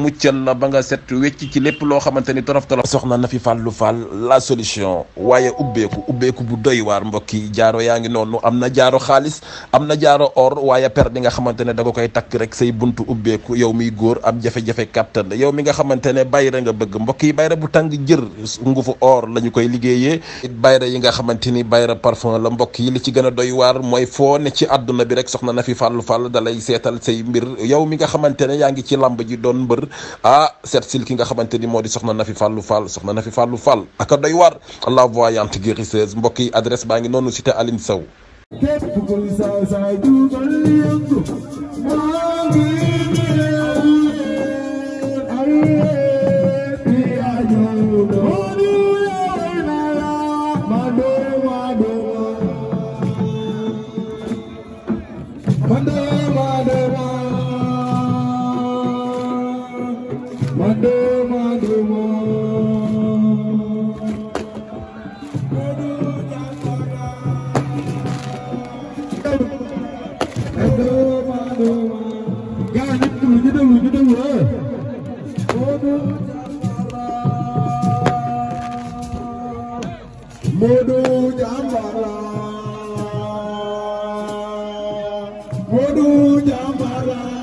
muccal la ba nga set wecc ci lépp loo xamante ni torof torof soxna na fi fàllu fàll la solution waaye ubbeeku ubbeeku bu doy waar mbokki jaaro yaa ngi noonu am na jaaro xaalis am na jaaro or waaye per di nga xamante ne da nga koy takk rek say buntu ubbeeku yow miy góor am jafe-jafe kàttan yow mi nga xamante ne bayra nga bëgg mbokk yi bayra bu tàng jër ngufu or la koy liggéeyee bayra yi nga xamante ni bayra parfum la mbokk yi li ci gën a doy waar mooy foo ne ci àdduna bi rek soxna na fi fàllu fàll dalay seetal say mbir yow mi nga xamante ne ngi ci ah seet sil ki nga xamante ni moo di soxna Nafi Fallou fal soxna Nafi Fallou fal aka doy waar la voyante guérisseuse mbokk yi adresse baa ngi noonu cité Aline Sow Baba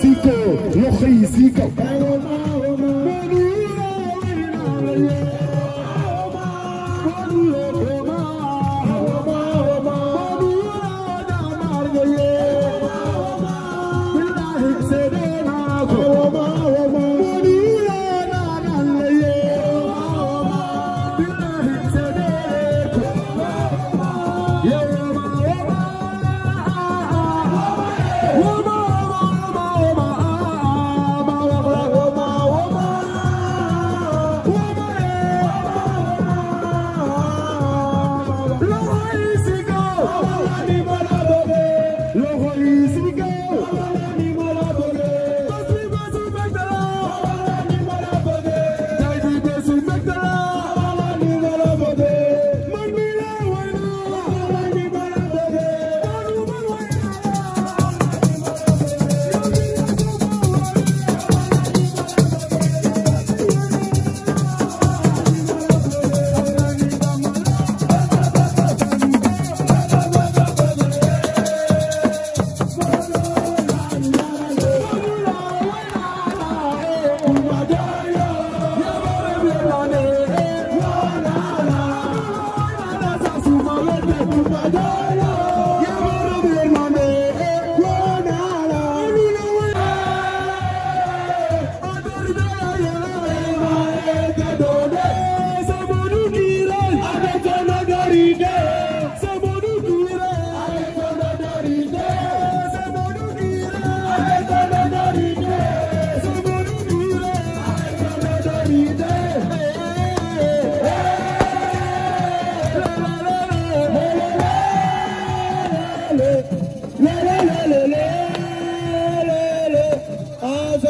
si kaw si kaw Hallelujah.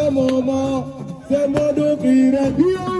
ce moment, c'est Modou qui revient.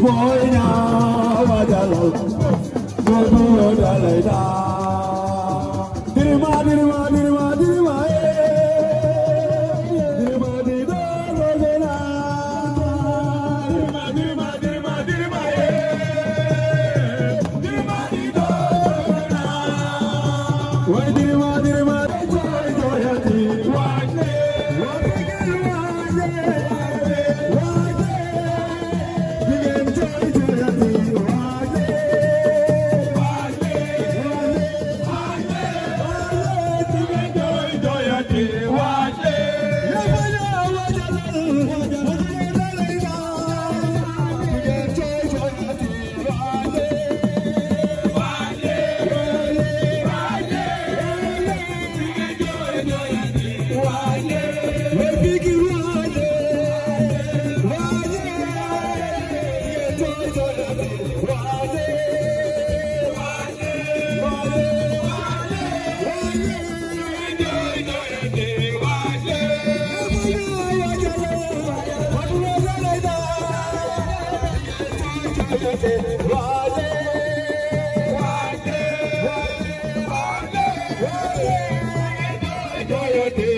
boy na wadalo gogo dalai da dirima dirima dirima Lord.